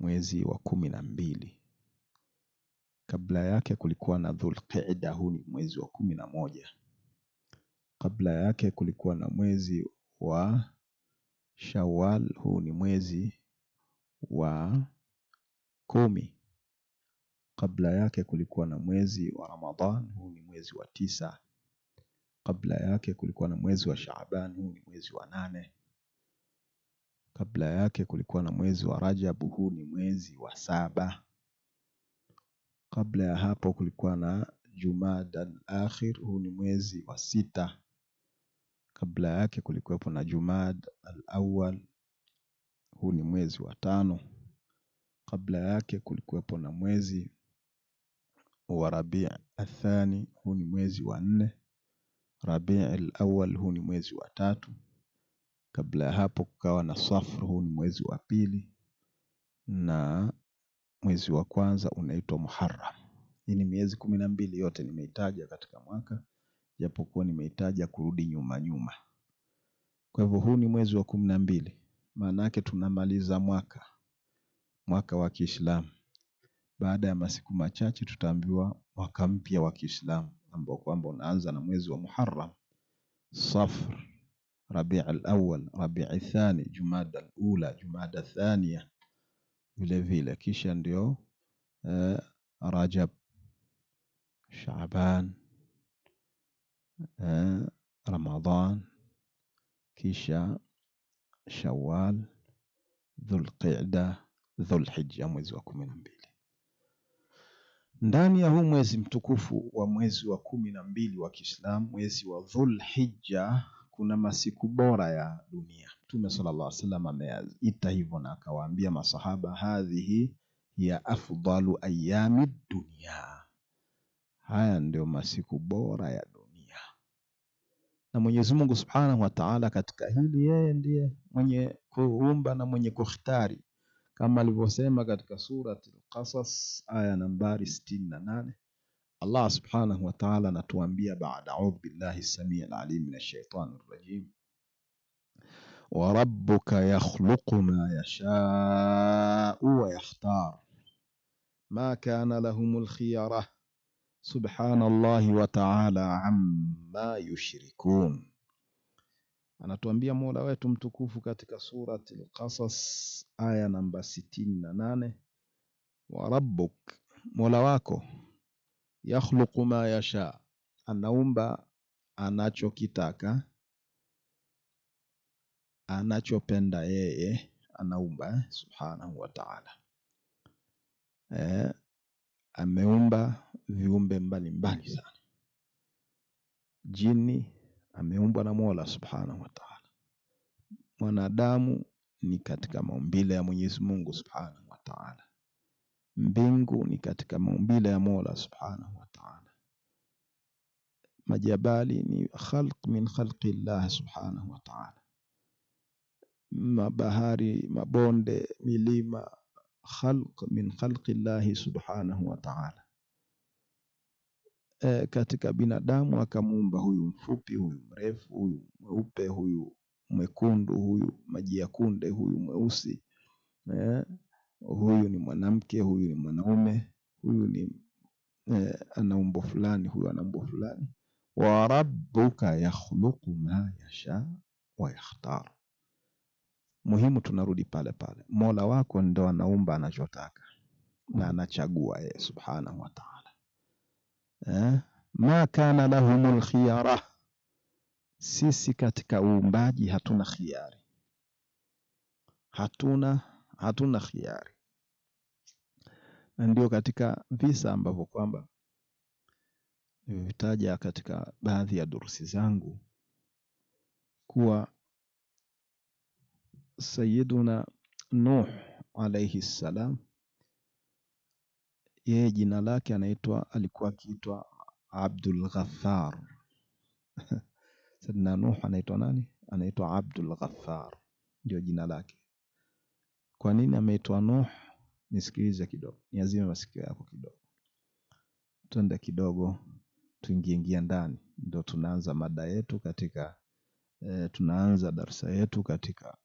mwezi wa kumi na mbili. Kabla yake kulikuwa na Dhulqaida, huu ni mwezi wa kumi na moja. Kabla yake kulikuwa na mwezi wa shawal huu ni mwezi wa kumi. Kabla yake kulikuwa na mwezi wa Ramadhan, huu ni mwezi wa tisa. Kabla yake kulikuwa na mwezi wa Shaaban, huu ni mwezi wa nane. Kabla yake kulikuwa na mwezi wa Rajabu, huu ni mwezi wa saba. Kabla ya hapo kulikuwa na Jumada al-Akhir, huu ni mwezi wa sita. Kabla yake kulikuwepo na Jumada al-Awwal, huu ni mwezi wa tano. Kabla yake kulikuwepo na mwezi wa Rabi' athani, huu ni mwezi wa nne. Rabi' al-Awwal, huu ni mwezi wa tatu. Kabla ya hapo kukawa na Swafru, huu ni mwezi wa pili, na mwezi wa kwanza unaitwa Muharram. Hii ni miezi kumi na mbili yote nimeitaja katika mwaka, japokuwa nimeitaja kurudi nyuma nyuma. Kwa hivyo huu ni mwezi wa kumi na mbili, maana yake tunamaliza mwaka, mwaka wa Kiislamu. Baada ya masiku machache tutaambiwa mwaka mpya wa Kiislamu ambao kwamba unaanza na mwezi wa Muharram, Safar Rabii Alawal, Rabii Thani, Jumada Alula, Jumada Thania vile vile, kisha ndio eh, Rajab, shaban uh, eh, Ramadhan, kisha Shawal, Dhulqida, Dhulhija, mwezi wa kumi na mbili. Ndani ya huu mwezi mtukufu wa mwezi wa kumi na mbili wa Kiislamu, mwezi wa Dhulhija kuna masiku bora ya dunia. Mtume sallallahu alaihi wasallam ameita hivyo na akawaambia masahaba, hadhihi hiya afdalu ayami dunia, haya ndio masiku bora ya dunia. Na Mwenyezi Mungu subhanahu wa taala katika hili yeye ndiye mwenye kuumba na mwenye kukhtari kama alivyosema katika Surati Al-Qasas aya nambari sitini na nane Allah subhanahu wa ta'ala anatuambia baada audhu billahi samii alalim min ashaitani rajim, wa rabbuka yakhluqu ma yashau wa yakhtar ma kana lahumul khiyara subhanallahi wa ta'ala amma yushrikun. Anatuambia Mola wetu mtukufu katika surati Al-Qasas aya namba sitini na nane, wa rabbuk, Mola wako yakhluqu ma yasha, anaumba anachokitaka, anachopenda yeye anaumba subhanahu wa ta'ala. eh, ameumba viumbe mbalimbali sana. Jini ameumbwa na Mola subhanahu wa ta'ala, mwanadamu ni katika maumbile ya Mwenyezi Mungu subhanahu wa ta'ala. Mbingu ni katika maumbile ya Mola subhanahu wa ta'ala, majabali ni khalq min khalqi Allah subhanahu wa ta'ala, mabahari, mabonde, milima khalq min khalqi llahi subhanahu wa ta'ala. E, katika binadamu akamuumba huyu mfupi, huyu mrefu, huyu mweupe, huyu mwekundu, huyu maji ya kunde, huyu mweusi eh huyu ni mwanamke, huyu ni mwanaume, huyu ni eh, ana umbo fulani, huyu ana umbo fulani. wa rabbuka yakhluqu ma yasha wa yakhtar. Muhimu tunarudi pale pale, mola wako ndo anaumba anachotaka na anachagua yeye subhanahu wa taala eh? ma kana lahumul khiyara, sisi katika uumbaji hatuna khiari, hatuna hatuna khiari, na ndio katika visa ambavyo kwamba nimevitaja katika baadhi ya durusi zangu kuwa Sayiduna Nuh alaihi salam yeye jina lake anaitwa alikuwa akiitwa Abdul Ghaffar. Sayyiduna Nuh anaitwa nani? Anaitwa Abdul Ghaffar, ndio jina lake. Kwa nini ameitwa Nuh? Nisikilize kidogo, niazime masikio yako kidogo, twende kidogo, tuingieingia ndani, ndo tunaanza mada yetu katika e, tunaanza darsa yetu katika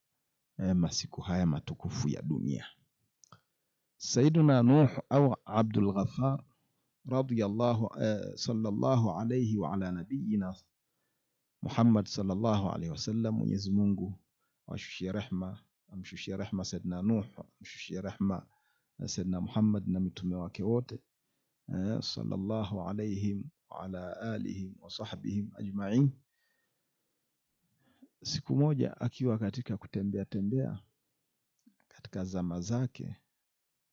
e, masiku haya matukufu ya dunia. Saiduna Nuh au Abdul Ghaffar radiyallahu e, sallallahu alayhi wa ala nabiyina Muhammad sallallahu alayhi wasallam, Mwenyezi Mungu awashushie rehma amshushia rehma Saidna Nuh, amshushia rehma eh, Saidna Muhammad na mitume wake wote eh, sallallahu alayhim wa ala alihim wa sahbihim ajma'in. Siku moja akiwa katika kutembea tembea katika zama zake,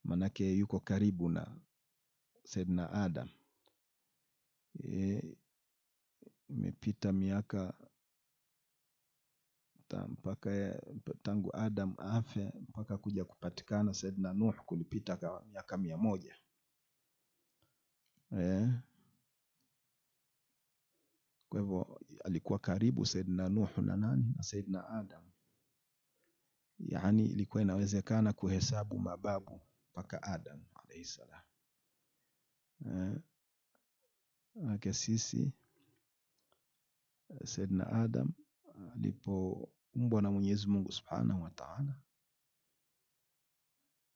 manake yuko karibu na Saidna Adam, eh, imepita miaka hata mpaka tangu Adam afe mpaka kuja kupatikana saidna Nuh kulipita kama miaka mia moja eh. Kwa hivyo alikuwa karibu Saidina Nuh na nani na saidna Adam, yani ilikuwa inawezekana kuhesabu mababu mpaka Adam alaihi salam eh. Ake sisi Saidina Adam alipo kuumbwa na Mwenyezi Mungu Subhanahu wa Ta'ala,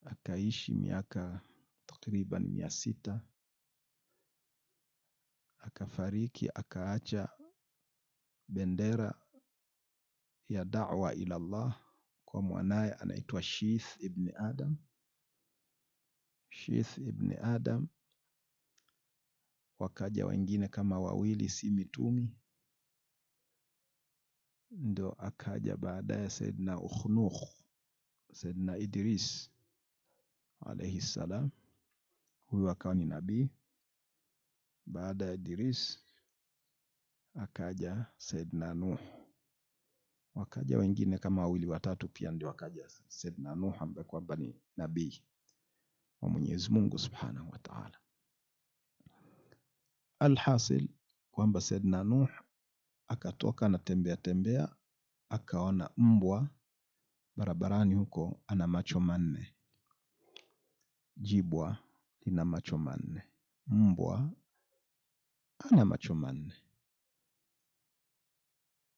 akaishi miaka takriban mia sita akafariki, akaacha bendera ya da'wa ila Allah kwa mwanaye anaitwa Sheikh ibn Adam. Sheikh ibn Adam, wakaja wengine kama wawili, si mitumi Ndo akaja baadaye Saidna Ukhnukh, Saidna Idris alaihi salam huyu akawa ni nabii. Baada ya Idris akaja Saidna Nuh, wakaja wengine kama wawili watatu, pia ndio akaja Saidna Nuh ambaye kwamba ni nabii wa Mwenyezi Mungu subhanahu wa taala. Alhasil kwamba Saidna Nuh akatoka anatembea tembea akaona mbwa barabarani huko ana macho manne. Jibwa lina macho manne. Mbwa ana macho manne.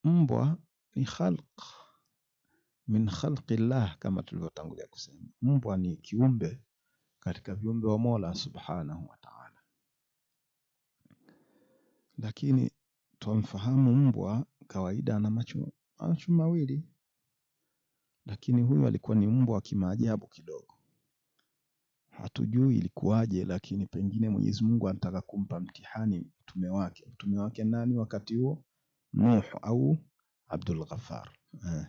Mbwa ni khalq min khalqi llah, kama tulivyotangulia kusema, mbwa ni kiumbe katika viumbe wa Mola subhanahu wa taala, lakini Twamfahamu mbwa kawaida ana macho mawili, lakini huyu alikuwa ni mbwa wa kimaajabu kidogo. Hatujui ilikuwaje, lakini pengine Mwenyezi Mungu anataka kumpa mtihani mtume wake. Mtume wake nani wakati huo? Nuh au Abdul Ghaffar eh,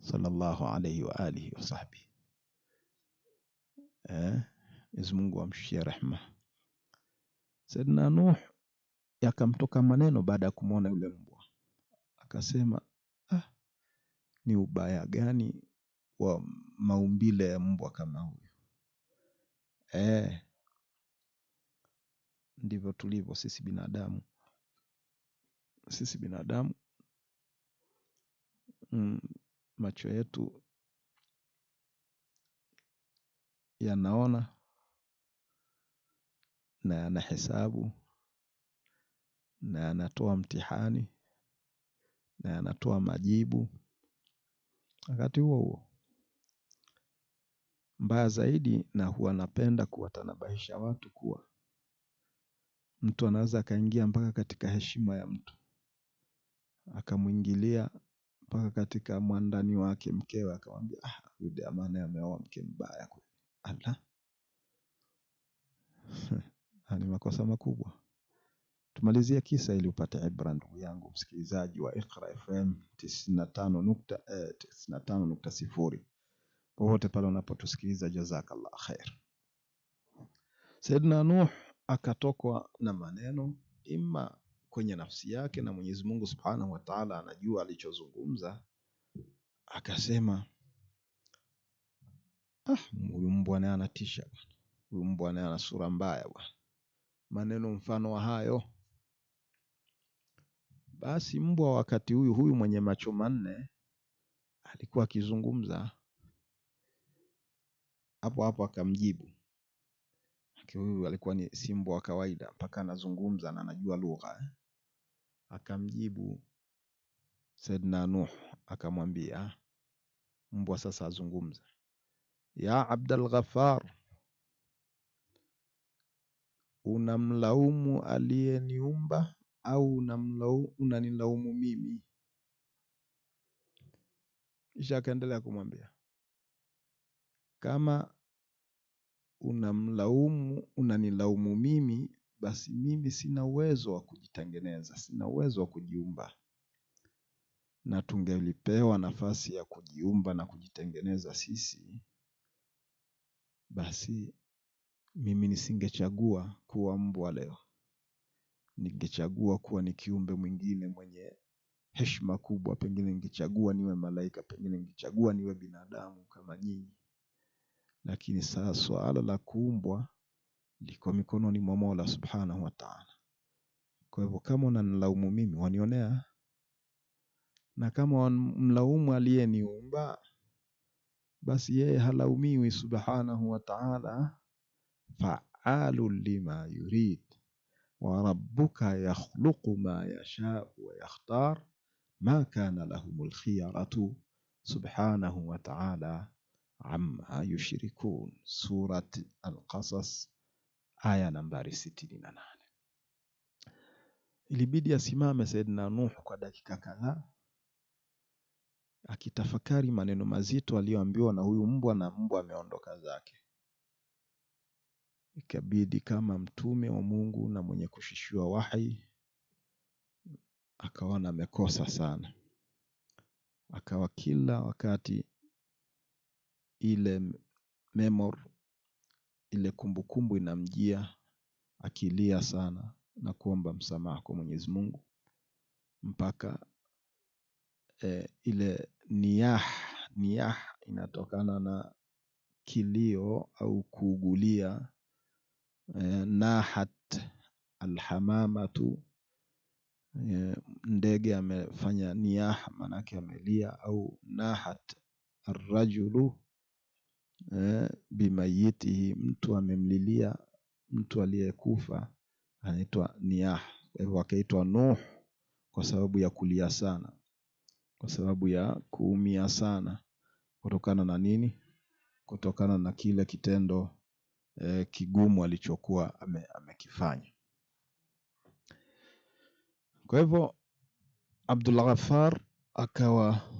sallallahu alayhi wa alihi wa sahbihi eh, Mwenyezi Mungu amshushie rehma. Saidina Nuh Yakamtoka maneno baada ya kumwona yule mbwa, akasema ah, ni ubaya gani wa maumbile ya mbwa kama huyu? Eh, ndivyo tulivyo sisi binadamu. Sisi binadamu mm, macho yetu yanaona na yanahesabu na anatoa mtihani na anatoa majibu wakati huo huo mbaya zaidi na huwa napenda kuwatanabahisha watu kuwa mtu anaweza akaingia mpaka katika heshima ya mtu akamwingilia mpaka katika mwandani wake mkewe akamwambia ah huyu jamani ameoa mke mbaya kweli ala ni makosa makubwa tumalizia kisa ili upate ibra, ndugu yangu msikilizaji wa Iqra FM 95.0 eh, popote pale unapotusikiliza, jazakallah khair. Saidna Nuh akatokwa na maneno ima kwenye nafsi yake, na Mwenyezi Mungu Subhanahu wa Ta'ala anajua alichozungumza, akasema ah, huyu mbwa naye anatisha huyu mbwa naye ana sura mbaya bwana, maneno mfano wa hayo basi mbwa wakati huyu huyu mwenye macho manne alikuwa akizungumza hapo hapo, akamjibu huyu. Alikuwa ni si mbwa wa kawaida, mpaka anazungumza na anajua lugha. Eh. Akamjibu Saidna Nuh akamwambia mbwa sasa azungumza, ya Abdal Ghaffar, unamlaumu aliyeniumba au unanilaumu mimi? Kisha akaendelea kumwambia, kama unamlaumu unanilaumu mimi, basi mimi sina uwezo wa kujitengeneza, sina uwezo wa kujiumba, na tungelipewa nafasi ya kujiumba na kujitengeneza sisi, basi mimi nisingechagua kuwa mbwa leo ningechagua kuwa ni kiumbe mwingine mwenye heshima kubwa, pengine ningechagua niwe malaika, pengine ningechagua niwe binadamu kama nyinyi. Lakini saa swala la kuumbwa liko mikononi mwa Mola Subhanahu wa Ta'ala. Kwa hivyo kama unanilaumu mimi wanionea, na kama mlaumu aliyeniumba basi yeye halaumiwi Subhanahu wa Ta'ala, faalu lima yurid warabuka يخلق ma yashau ويختار ما ma kana lahumul سبحانه subhanahu عما يشركون سورة القصص آية نمبر ستين Ilibidi asimame Saidina Nuh kwa dakika kadhaa akitafakari maneno mazito aliyoambiwa na huyu mbwa, na mbwa ameondoka zake. Ikabidi kama mtume wa Mungu na mwenye kushishiwa wahi akaona amekosa sana, akawa kila wakati ile memory ile kumbukumbu inamjia akilia sana na kuomba msamaha kwa Mwenyezi Mungu mpaka e, ile niyah niyah inatokana na kilio au kuugulia Nahat alhamamatu, e, ndege amefanya niaha manake amelia au nahat arrajulu e, bimayitihi, mtu amemlilia mtu aliyekufa anaitwa niaha Kwa hivyo akaitwa Nuh kwa sababu ya kulia sana, kwa sababu ya kuumia sana kutokana na nini? Kutokana na kile kitendo Eh, kigumu alichokuwa amekifanya. Kwa hivyo Abdul Ghaffar akawa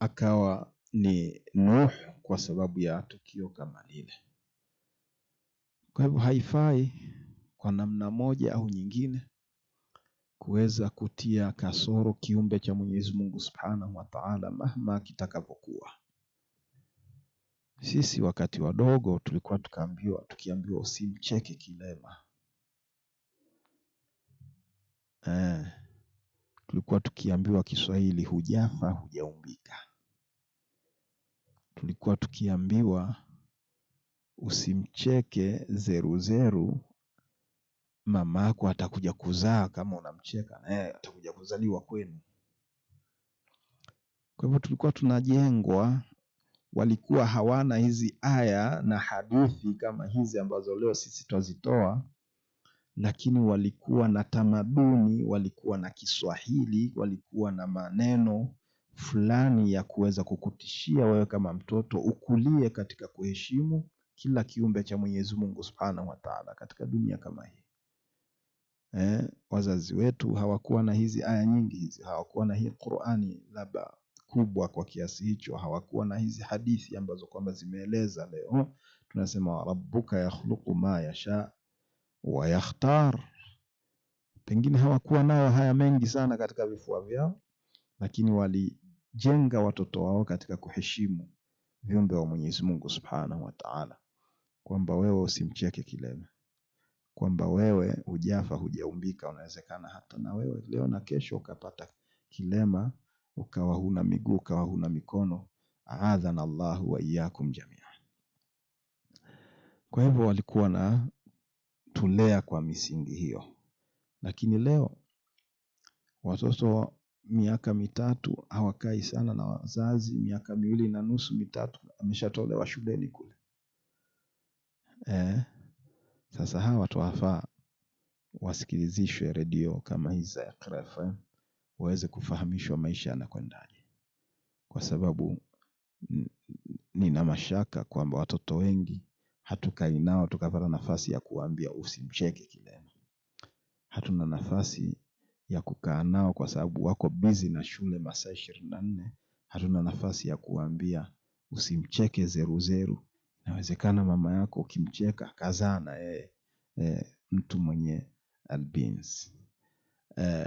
akawa ni Nuh kwa sababu ya tukio kama lile. Kwa hivyo haifai kwa namna moja au nyingine kuweza kutia kasoro kiumbe cha Mwenyezi Mungu Subhanahu wa Ta'ala, mahma kitakavyokuwa. Sisi wakati wadogo tulikuwa tukaambiwa, tukiambiwa usimcheke kilema. Eh, tulikuwa tukiambiwa Kiswahili hujafa hujaumbika. Tulikuwa tukiambiwa usimcheke zeruzeru, mama yako atakuja kuzaa kama unamcheka eh, atakuja kuzaliwa kwenu. Kwa hivyo tulikuwa tunajengwa walikuwa hawana hizi aya na hadithi kama hizi ambazo leo sisi twazitoa, lakini walikuwa na tamaduni, walikuwa na Kiswahili, walikuwa na maneno fulani ya kuweza kukutishia wewe kama mtoto ukulie katika kuheshimu kila kiumbe cha Mwenyezi Mungu Subhanahu wa Ta'ala katika dunia kama hii. Eh, wazazi wetu hawakuwa na hizi aya nyingi hizi, hawakuwa na hii Qur'ani labda kubwa kwa kiasi hicho, hawakuwa na hizi hadithi ambazo kwamba zimeeleza leo. Tunasema rabbuka yakhluqu ma yasha wa yakhtar, pengine hawakuwa nayo haya mengi sana katika vifua vyao, lakini walijenga watoto wao katika kuheshimu viumbe wa Mwenyezi Mungu Subhanahu wa Ta'ala, kwamba wewe usimcheke kilema, kwamba wewe hujafa hujaumbika. Unawezekana hata na wewe leo na kesho ukapata kilema ukawa huna miguu, ukawa huna mikono. Aadhana Allahu wa iyyakum jamia. Kwa hivyo walikuwa na tulea kwa misingi hiyo, lakini leo watoto miaka mitatu hawakai sana na wazazi, miaka miwili na nusu mitatu ameshatolewa shuleni kule. Eh, sasa hawa watu wafaa wasikilizishwe redio kama hizi za Iqra FM waweze kufahamishwa maisha yanakwendaje, kwa sababu nina mashaka kwamba watoto wengi hatukai nao tukapata nafasi ya kuwambia usimcheke kilema. Hatuna nafasi ya kukaa nao kwa sababu wako bizi na shule masaa ishirini na nne. Hatuna nafasi ya kuwambia usimcheke zeruzeru. Inawezekana mama yako ukimcheka kazaa na yeye eh, mtu mwenye albins. Eh,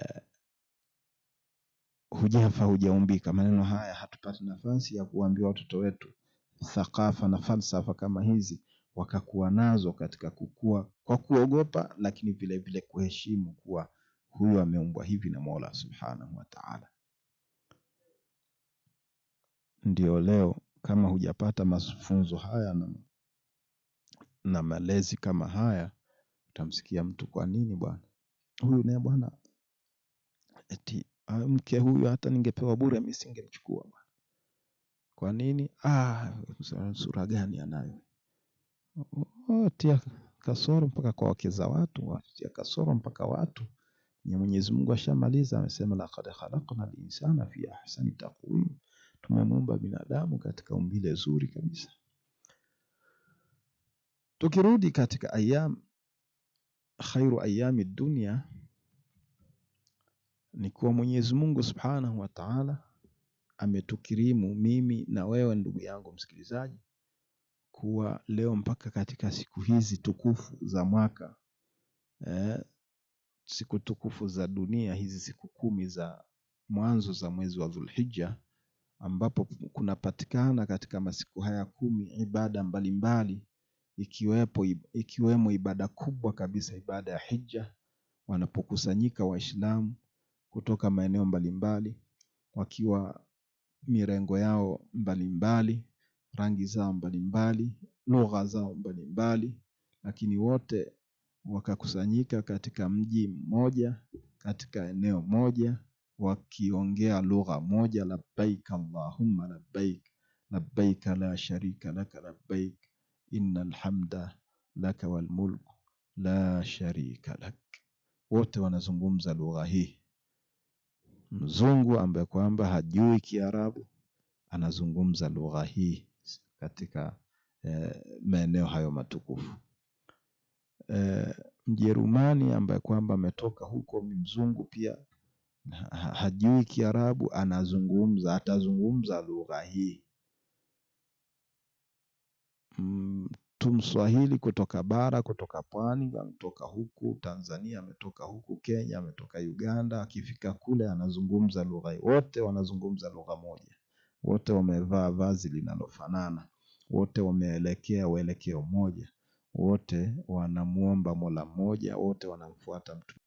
hujafa hujaumbika. Maneno haya hatupati nafasi ya kuambia watoto wetu thakafa na falsafa kama hizi wakakuwa nazo katika kukua kwa kuogopa, lakini vile vile kuheshimu kuwa huyu ameumbwa hivi na Mola Subhanahu wa Ta'ala. Ndio leo kama hujapata mafunzo haya na, na malezi kama haya, utamsikia mtu kwa nini bwana huyu naye bwana eti mke huyu hata ningepewa bure mimi singemchukua bwana. Kwa nini? Ah, sura gani anayo? Tia kasoro mpaka kwa wake za watu, watia kasoro mpaka watu. Nye Mwenyezi Mungu ashamaliza amesema laqad khalaqna al-insana fi ahsani taqwim. Tumemuumba binadamu katika umbile zuri kabisa. Tukirudi katika ayam khairu ayami dunia ni kuwa Mwenyezi Mungu Subhanahu wa Ta'ala ametukirimu mimi na wewe ndugu yangu msikilizaji kuwa leo mpaka katika siku hizi tukufu za mwaka eh, siku tukufu za dunia hizi siku kumi za mwanzo za mwezi wa Dhulhijja ambapo kunapatikana katika masiku haya kumi ibada mbalimbali mbali, ikiwepo ikiwemo ibada kubwa kabisa ibada ya hija wanapokusanyika Waislamu kutoka maeneo mbalimbali wakiwa mirengo yao mbalimbali, rangi zao mbalimbali, lugha zao mbalimbali, lakini wote wakakusanyika katika mji mmoja, katika eneo moja, wakiongea lugha moja, labbaik allahumma labbaik labbaik la sharika laka labbaik innal hamda laka walmulku la sharika lak. Wote wanazungumza lugha hii mzungu ambaye kwamba hajui Kiarabu anazungumza lugha hii katika e, maeneo hayo matukufu. E, Mjerumani ambaye kwamba ametoka huko ni mzungu pia hajui Kiarabu anazungumza atazungumza lugha hii. Mm, mtu Mswahili kutoka bara, kutoka pwani, ametoka huku Tanzania, ametoka huku Kenya, ametoka Uganda, akifika kule anazungumza lugha, wote wanazungumza lugha moja, wote wamevaa vazi linalofanana, wote wameelekea uelekeo mmoja, wote wanamuomba Mola mmoja, wote wanamfuata mtu